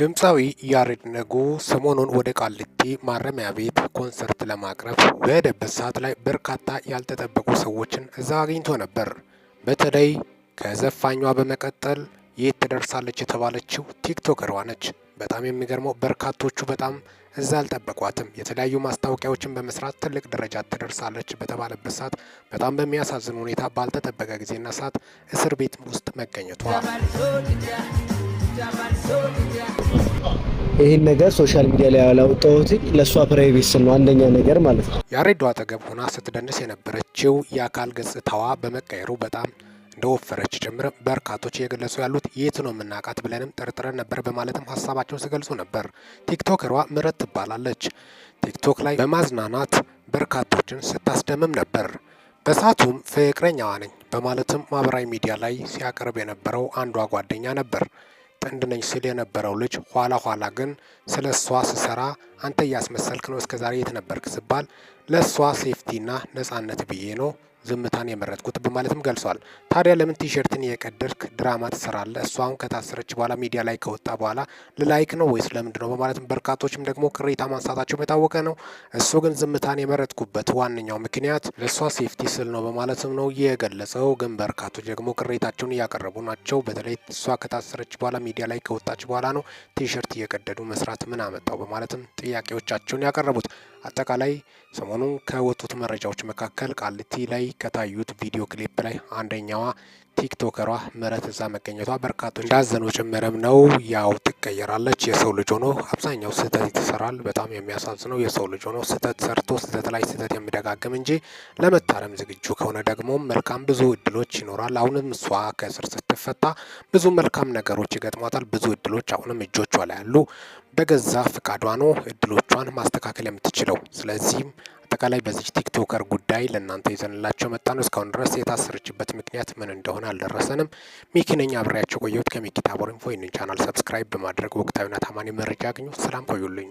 ድምፃዊ ያሬድ ነጉ ሰሞኑን ወደ ቃሊቲ ማረሚያ ቤት ኮንሰርት ለማቅረብ በሄደበት ሰዓት ላይ በርካታ ያልተጠበቁ ሰዎችን እዛ አግኝቶ ነበር። በተለይ ከዘፋኟ በመቀጠል የት ትደርሳለች የተባለችው ቲክቶከሯ ነች። በጣም የሚገርመው በርካቶቹ በጣም እዛ አልጠበቋትም። የተለያዩ ማስታወቂያዎችን በመስራት ትልቅ ደረጃ ትደርሳለች በተባለበት ሰዓት በጣም በሚያሳዝን ሁኔታ ባልተጠበቀ ጊዜና ሰዓት እስር ቤት ውስጥ መገኘቷ ይህን ነገር ሶሻል ሚዲያ ላይ ያላወጣሁት ለእሷ ፕራይቬሲ ነው፣ አንደኛ ነገር ማለት ነው። ያሬዷ አጠገብ ሆና ስትደንስ የነበረችው የአካል ገጽታዋ በመቀየሩ በጣም እንደወፈረች ጭምር በርካቶች እየገለጹ ያሉት የት ነው የምናውቃት ብለንም ጠርጥረን ነበር በማለትም ሀሳባቸውን ሲገልጹ ነበር። ቲክቶከሯ ምረት ትባላለች። ቲክቶክ ላይ በማዝናናት በርካቶችን ስታስደምም ነበር። በሰዓቱም ፍቅረኛዋ ነኝ በማለትም ማህበራዊ ሚዲያ ላይ ሲያቀርብ የነበረው አንዷ ጓደኛ ነበር። ጥንድ ነኝ ሲል የነበረው ልጅ ኋላ ኋላ ግን ስለ እሷ ስሰራ አንተ እያስመሰልክ ነው እስከዛሬ የት ነበርክ ስባል ለእሷ ሴፍቲና ነጻነት ብዬ ነው ዝምታን የመረጥኩት በማለትም ገልጿል። ታዲያ ለምን ቲሸርትን የቀደድክ ድራማ ትሰራለ? እሷን ከታሰረች በኋላ ሚዲያ ላይ ከወጣ በኋላ ልላይክ ነው ወይስ ለምንድ ነው? በማለትም በርካቶችም ደግሞ ቅሬታ ማንሳታቸው የታወቀ ነው። እሱ ግን ዝምታን የመረጥኩበት ዋነኛው ምክንያት ለእሷ ሴፍቲ ስል ነው በማለትም ነው የገለጸው። ግን በርካቶች ደግሞ ቅሬታቸውን እያቀረቡ ናቸው። በተለይ እሷ ከታሰረች በኋላ ሚዲያ ላይ ከወጣች በኋላ ነው ቲሸርት እየቀደዱ መስራት ምን አመጣው? በማለትም ጥያቄዎቻቸውን ያቀረቡት አጠቃላይ ሰሞኑን ከወጡት መረጃዎች መካከል ቃሊቲ ላይ ከታዩት ቪዲዮ ክሊፕ ላይ አንደኛዋ ቲክቶከሯ ምረት እዛ መገኘቷ በርካቶች እንዳዘኑ ጭምርም ነው። ያው ትቀየራለች። የሰው ልጅ ሆኖ አብዛኛው ስህተት ይሰራል። በጣም የሚያሳዝነው የሰው ልጅ ሆኖ ስህተት ሰርቶ ስህተት ላይ ስህተት የሚደጋግም እንጂ ለመታረም ዝግጁ ከሆነ ደግሞ መልካም ብዙ እድሎች ይኖራል። አሁንም እሷ ከእስር ስትፈታ ብዙ መልካም ነገሮች ይገጥሟታል። ብዙ እድሎች አሁንም እጆቿ ላይ ያሉ በገዛ ፈቃዷ ነው እድሎቿን ማስተካከል የምትችለው። ስለዚህም በአጠቃላይ በዚህ ቲክቶከር ጉዳይ ለእናንተ ይዘንላቸው መጣ ነው። እስካሁን ድረስ የታሰረችበት ምክንያት ምን እንደሆነ አልደረሰንም። ሚኪ ነኝ አብሬያቸው ቆየሁት። ከሚኪ ኢንፎ ይህንን ቻናል ሰብስክራይብ በማድረግ ወቅታዊና ታማኒ መረጃ አግኙ። ሰላም ቆዩልኝ።